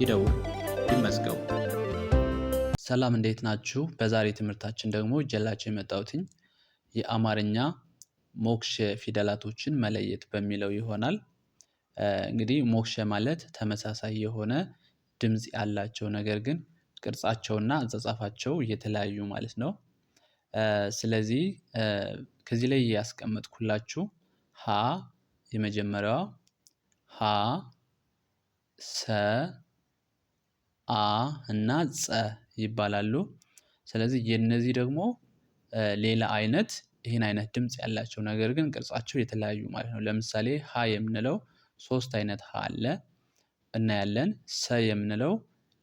ይደውሉ፣ ይመዝገቡ። ሰላም እንዴት ናችሁ? በዛሬ ትምህርታችን ደግሞ ጀላቸው የመጣሁትኝ የአማርኛ ሞክሸ ፊደላቶችን መለየት በሚለው ይሆናል። እንግዲህ ሞክሸ ማለት ተመሳሳይ የሆነ ድምፅ ያላቸው ነገር ግን ቅርጻቸውና አጻጻፋቸው የተለያዩ ማለት ነው። ስለዚህ ከዚህ ላይ ያስቀመጥኩላችሁ ሀ የመጀመሪያዋ ሀ ሰ አ እና ጸ ይባላሉ። ስለዚህ የነዚህ ደግሞ ሌላ አይነት ይህን አይነት ድምፅ ያላቸው ነገር ግን ቅርጻቸው የተለያዩ ማለት ነው። ለምሳሌ ሀ የምንለው ሶስት አይነት ሀ አለ። እናያለን ሰ የምንለው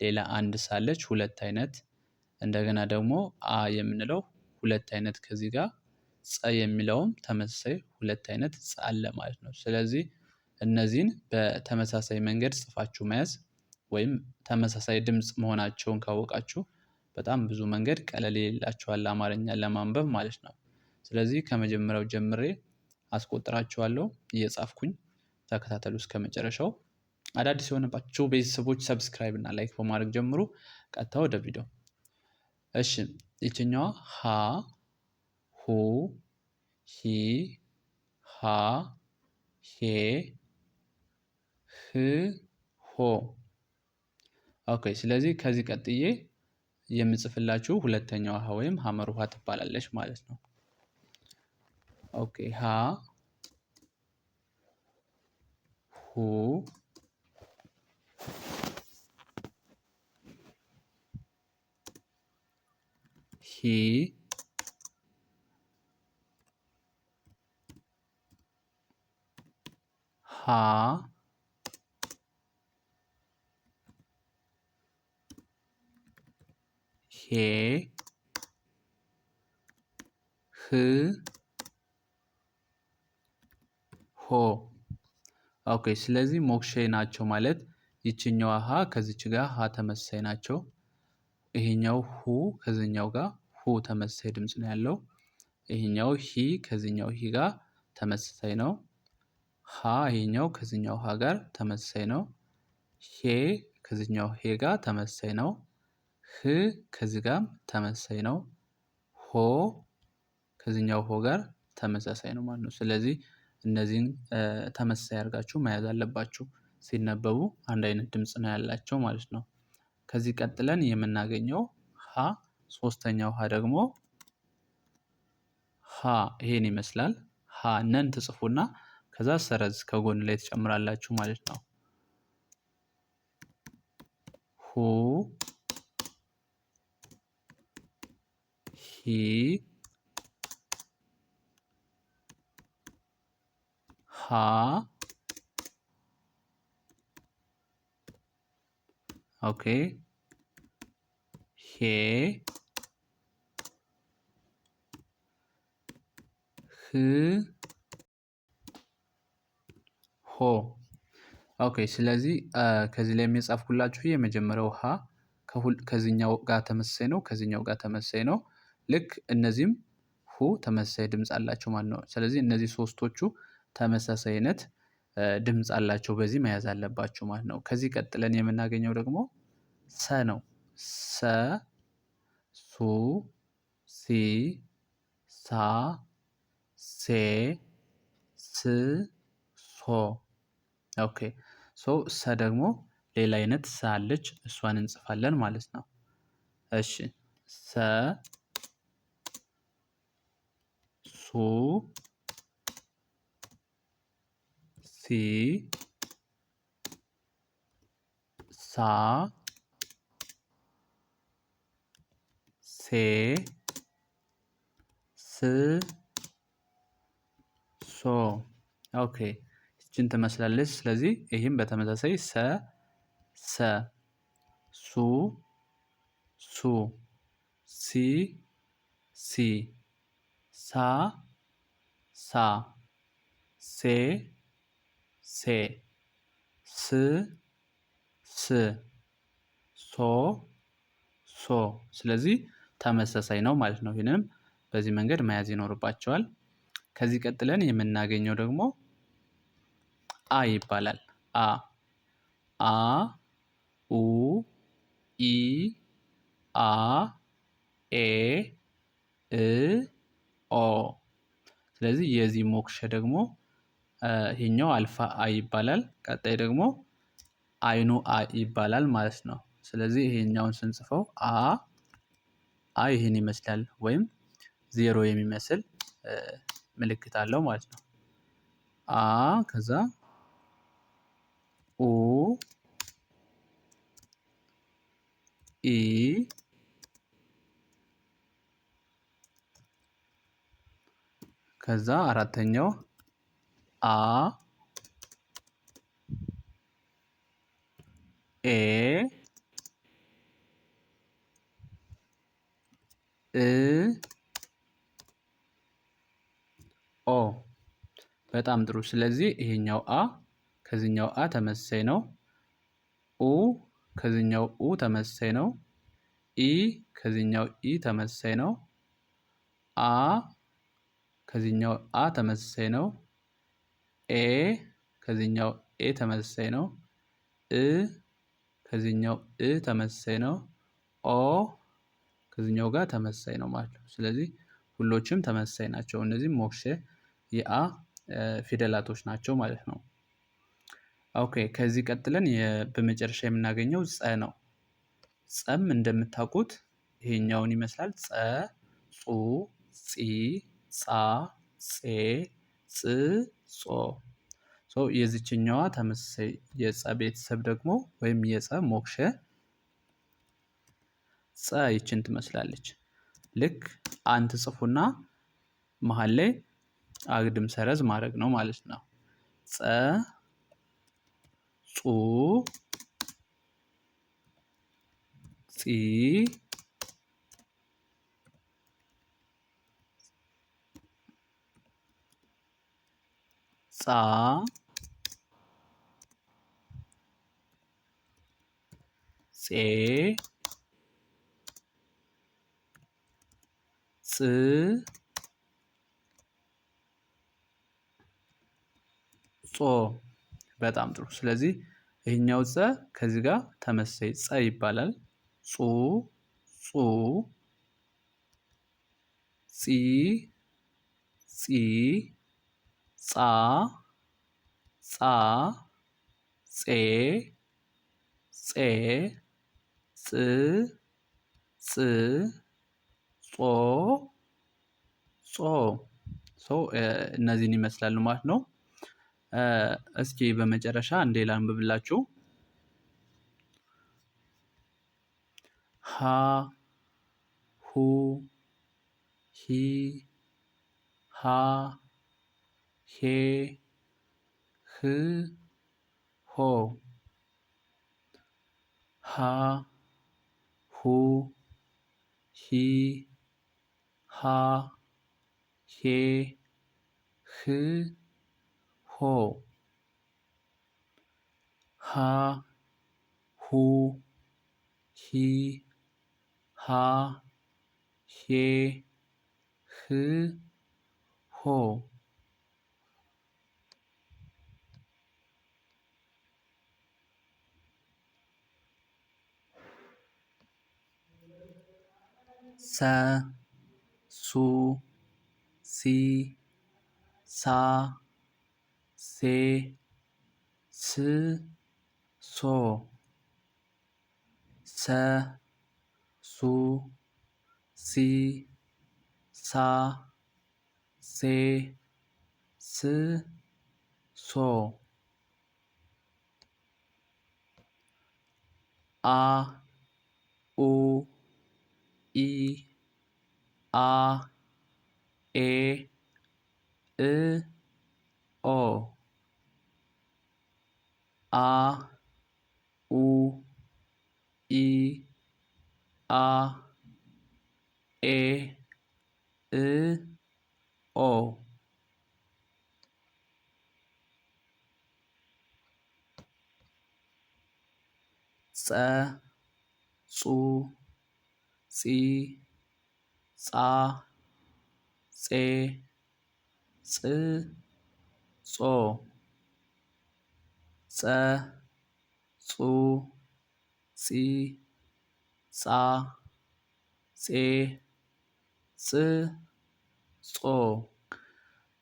ሌላ አንድ ሳለች አለች ሁለት አይነት እንደገና ደግሞ አ የምንለው ሁለት አይነት ከዚህ ጋር ጸ የሚለውም ተመሳሳይ ሁለት አይነት ጸ አለ ማለት ነው። ስለዚህ እነዚህን በተመሳሳይ መንገድ ጽፋችሁ መያዝ ወይም ተመሳሳይ ድምፅ መሆናቸውን ካወቃችሁ በጣም ብዙ መንገድ ቀለል ይላችኋል አማርኛ ለማንበብ ማለት ነው። ስለዚህ ከመጀመሪያው ጀምሬ አስቆጥራችኋለሁ እየጻፍኩኝ ተከታተሉ መጨረሻው። አዳዲስ የሆነባቸው ቤተሰቦች ሰብስክራይብ እና ላይክ በማድረግ ጀምሩ። ቀጥታ ወደ ቪዲዮ። እሺ ይችኛዋ ሀ ሁ ሂ ሀ ሄ ህ ሆ ኦኬ ስለዚህ ከዚህ ቀጥዬ የምጽፍላችሁ ሁለተኛዋ ሀ ወይም ሀመር ውሃ ትባላለች ማለት ነው። ኦኬ ሀ ሁ ሂ ሃ ሄ ህ ሆ ኦኬ። ስለዚህ ሞክሼ ናቸው ማለት ይችኛዋ ሀ ከዚች ጋር ሀ ተመሳሳይ ናቸው። ይሄኛው ሁ ከዚኛው ጋር ሁ ተመሳሳይ ድምፅ ነው ያለው። ይሄኛው ሂ ከዚኛው ሂ ጋር ተመሳሳይ ነው። ሀ ይሄኛው ከዚኛው ሀ ጋር ተመሳሳይ ነው። ሄ ከዚኛው ሄ ጋር ተመሳሳይ ነው። ህ ከዚህ ጋር ተመሳሳይ ነው። ሆ ከዚህኛው ሆ ጋር ተመሳሳይ ነው ማለት ነው። ስለዚህ እነዚህን ተመሳሳይ አድርጋችሁ መያዝ አለባችሁ። ሲነበቡ አንድ አይነት ድምፅ ነው ያላቸው ማለት ነው። ከዚህ ቀጥለን የምናገኘው ሀ ሶስተኛው ሀ ደግሞ ሀ ይሄን ይመስላል። ሀ ነን ትጽፉና ከዛ ሰረዝ ከጎን ላይ ትጨምራላችሁ ማለት ነው። ሁ ሂ ሃ ኦኬ ሄ ህ ሆ ኦኬ። ስለዚህ ከዚህ ላይ የሚጻፍኩላችሁ የመጀመሪያው ሃ ከዚኛው ጋር ተመሳሳይ ነው፣ ከዚኛው ጋር ተመሳሳይ ነው። ልክ እነዚህም ሁ ተመሳሳይ ድምፅ አላቸው ማለት ነው። ስለዚህ እነዚህ ሶስቶቹ ተመሳሳይነት ድምፅ አላቸው በዚህ መያዝ አለባቸው ማለት ነው። ከዚህ ቀጥለን የምናገኘው ደግሞ ሰ ነው። ሰ ሱ ሲ ሳ ሴ ስ ሶ። ኦኬ ሶ ሰ ደግሞ ሌላ አይነት ሰ አለች እሷን እንጽፋለን ማለት ነው። እሺ ሰ ሱ ሴ ሳ ሴ ስ ሶ ኦኬ እችን ትመስላለች። ስለዚህ ይህም በተመሳሳይ ሰ ሰ ሱ ሱ ሲ ሲ ሳ ሳ ሴ ሴ ስ ስ ሶ ሶ ስለዚህ ተመሳሳይ ነው ማለት ነው። ይህንንም በዚህ መንገድ መያዝ ይኖርባቸዋል። ከዚህ ቀጥለን የምናገኘው ደግሞ አ ይባላል። አ አ ኡ ኢ አ ኤ እ ኦ። ስለዚህ የዚህ ሞክሸ ደግሞ ይሄኛው አልፋ አይ ይባላል። ቀጣይ ደግሞ አይኑ አ ይባላል ማለት ነው። ስለዚህ ይሄኛውን ስንጽፈው አ አ ይህን ይመስላል ወይም ዜሮ የሚመስል ምልክት አለው ማለት ነው። አ ከዛ ኡ ኢ ከዛ አራተኛው አ ኤ እ ኦ በጣም ጥሩ። ስለዚህ ይሄኛው አ ከዚህኛው አ ተመሳሳይ ነው። ኡ ከዚህኛው ኡ ተመሳሳይ ነው። ኢ ከዚህኛው ኢ ተመሳሳይ ነው። አ ከዚህኛው አ ተመሳሳይ ነው። ኤ ከዚህኛው ኤ ተመሳሳይ ነው። እ ከዚህኛው እ ተመሳሳይ ነው። ኦ ከዚህኛው ጋር ተመሳሳይ ነው ማለት ነው። ስለዚህ ሁሎችም ተመሳሳይ ናቸው። እነዚህም ሞክሼ የአ ፊደላቶች ናቸው ማለት ነው። ኦኬ ከዚህ ቀጥለን በመጨረሻ የምናገኘው ጸ ነው። ጸም እንደምታውቁት ይሄኛውን ይመስላል። ጸ፣ ጹ፣ ጺ ጻ ጼ ጽ ጾ ሶ የዚችኛዋ ተመሳሳይ የጸ ቤተሰብ ደግሞ ወይም የጸ ሞክሸ ጸ ይችን ትመስላለች። ልክ አንት ጽፉና መሀል ላይ አግድም ሰረዝ ማድረግ ነው ማለት ነው። ጸ ጹ ጺ ጻ ጼ ጽ ጾ በጣም ጥሩ። ስለዚህ ይህኛው ጸ ከዚህ ጋር ተመሳሳይ ጸ ይባላል። ጹ ጹ ጺ ጺ ጻ ጻ ጼ ጼ ጽ ጽ ጾ ጾ ሶ እነዚህን ይመስላሉ ማለት ነው። እስኪ በመጨረሻ እንዴ ላንብብላችሁ። ሀ ሁ ሂ ሃ ሄ ህ ሆ ሃ ሁ ሂ ሃ ሄ ህ ሆ ሃ ሁ ሂ ሃ ሄ ህ ሆ ሰ ሱ ሲ ሳ ሴ ስ ሶ ሰ ሱ ሲ ሳ ሴ ስ ሶ አ ኡ ኢ አ ኤ እ ኦ አ ኡ ኢ አ ኤ እ ኦ ጸ ጹ ፂ ፃ ፄ ፅ ጾ ፀ ጹ ጺ ጻ ፄ ፅ ጾ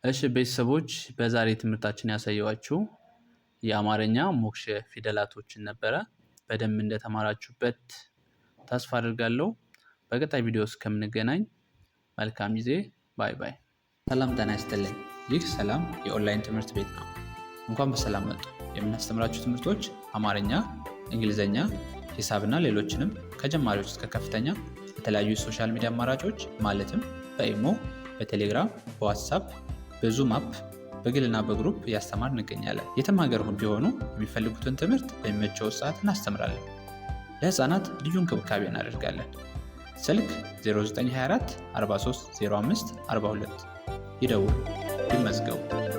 እሺ ቤተሰቦች በዛሬ ትምህርታችን ያሳየኋችሁ የአማርኛ ሞክሼ ፊደላቶችን ነበረ። በደንብ እንደተማራችሁበት ተስፋ አድርጋለሁ። በቀጣይ ቪዲዮ እስከምንገናኝ መልካም ጊዜ። ባይ ባይ። ሰላም ጤና ይስጥልኝ። ይህ ሰላም የኦንላይን ትምህርት ቤት ነው። እንኳን በሰላም መጡ። የምናስተምራችሁ ትምህርቶች አማርኛ፣ እንግሊዝኛ፣ ሂሳብና ሌሎችንም ከጀማሪዎች እስከ ከፍተኛ በተለያዩ የሶሻል ሚዲያ አማራጮች ማለትም በኢሞ፣ በቴሌግራም፣ በዋትሳፕ፣ በዙም አፕ በግልና በግሩፕ እያስተማር እንገኛለን። የትም ሀገር ቢሆኑ የሚፈልጉትን ትምህርት በሚመቸው ሰዓት እናስተምራለን። ለህፃናት ልዩ እንክብካቤ እናደርጋለን። ስልክ 0924 4305 42 ይደውሉ፣ ይመዝገቡ።